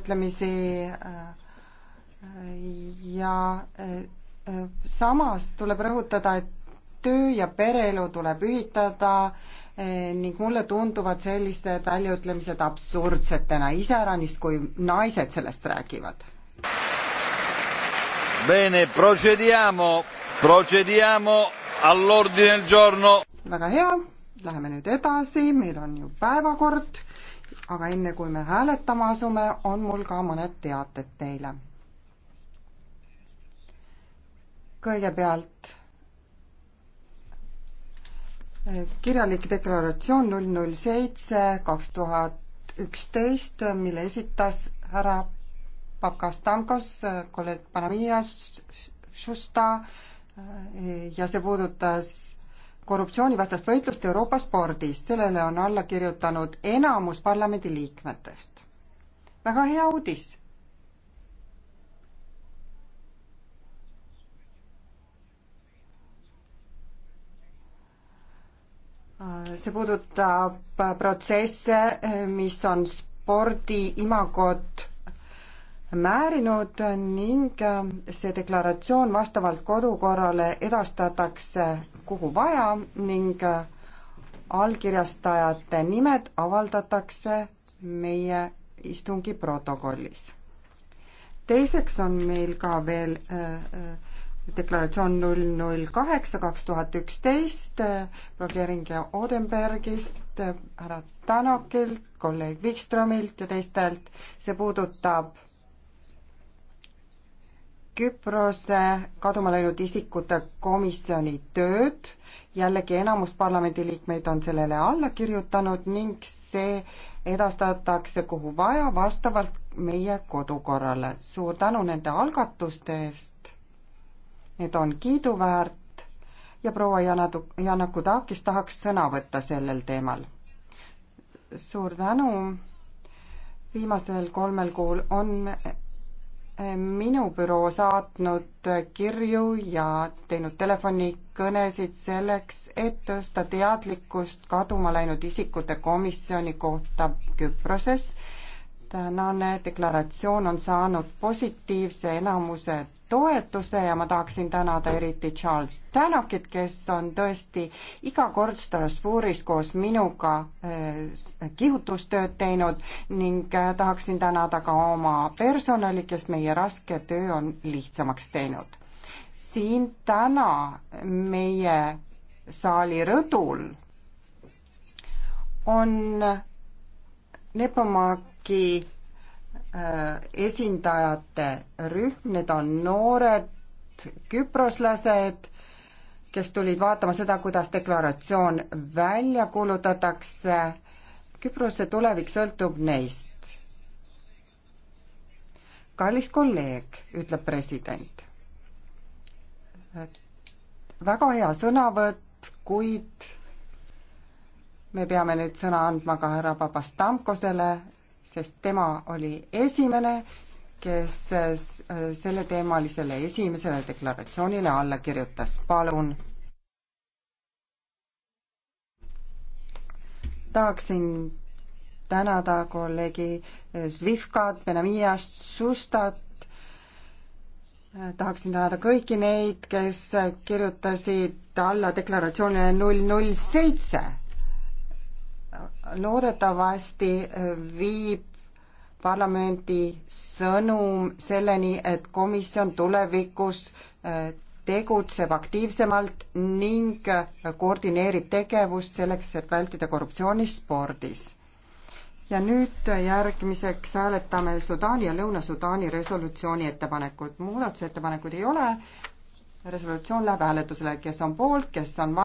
ütlemisi äh, ja äh, äh, samas tuleb rõhutada, et töö ja pereelu tuleb ühitada ning mulle tunduvad sellised väljaütlemised absurdsetena, iseäranis, kui naised sellest räägivad. Bene, procediamo, procediamo all'ordine del giorno. väga hea, läheme nüüd edasi, meil on ju päevakord aga enne kui me hääletama asume, on mul ka mõned teated teile. kõigepealt kirjalik deklaratsioon null null seitse kaks tuhat üksteist, mille esitas härra Papastamkos, kolleeg Panamias, Šusta ja see puudutas korruptsioonivastast võitlust Euroopa spordis, sellele on alla kirjutanud enamus parlamendiliikmetest. väga hea uudis. see puudutab protsesse, mis on spordi imagot määrinud ning see deklaratsioon vastavalt kodukorrale edastatakse kuhu vaja ning allkirjastajate nimed avaldatakse meie istungi protokollis. teiseks on meil ka veel äh, deklaratsioon null null kaheksa kaks tuhat üksteist blogeeringi Odenbergist, äh, härra Tanokilt, kolleeg Wikströmilt ja teistelt, see puudutab Küprose kaduma läinud isikute komisjoni tööd. jällegi enamus parlamendiliikmeid on sellele alla kirjutanud ning see edastatakse kuhu vaja vastavalt meie kodukorrale. suur tänu nende algatuste eest. Need on kiiduväärt ja proua Jana, Jana Kudakis tahaks sõna võtta sellel teemal. suur tänu viimasel kolmel kuul on minu büroo saatnud kirju ja teinud telefonikõnesid selleks, et tõsta teadlikkust kaduma läinud isikute komisjoni kohta Küproses tänane deklaratsioon on saanud positiivse enamuse toetuse ja ma tahaksin tänada eriti Charles Tannockit, kes on tõesti iga kord Strasbourgis koos minuga eh, kihutustööd teinud ning eh, tahaksin tänada ka oma personali, kes meie raske töö on lihtsamaks teinud. siin täna meie saali rõdul on Lepomaa EKI äh, esindajate rühm, need on noored küproslased, kes tulid vaatama seda, kuidas deklaratsioon välja kuulutatakse. Küprose tulevik sõltub neist. kallis kolleeg, ütleb president. väga hea sõnavõtt, kuid me peame nüüd sõna andma ka härra Papastamkosele, sest tema oli esimene, kes äh, selleteemalisele esimesele deklaratsioonile alla kirjutas. palun. tahaksin tänada kolleegi äh, Zvivkat, Benamiast, Sustat, äh, tahaksin tänada kõiki neid, kes kirjutasid alla deklaratsioonile null null seitse loodetavasti äh, viib parlamendi sõnum selleni, et komisjon tulevikus äh, tegutseb aktiivsemalt ning äh, koordineerib tegevust selleks, et vältida korruptsiooni spordis. ja nüüd järgmiseks hääletame Sudaani ja Lõuna-Sudaani resolutsiooni ettepanekut. muudatusettepanekuid ei ole, resolutsioon läheb hääletusele, kes on poolt, kes on vastu.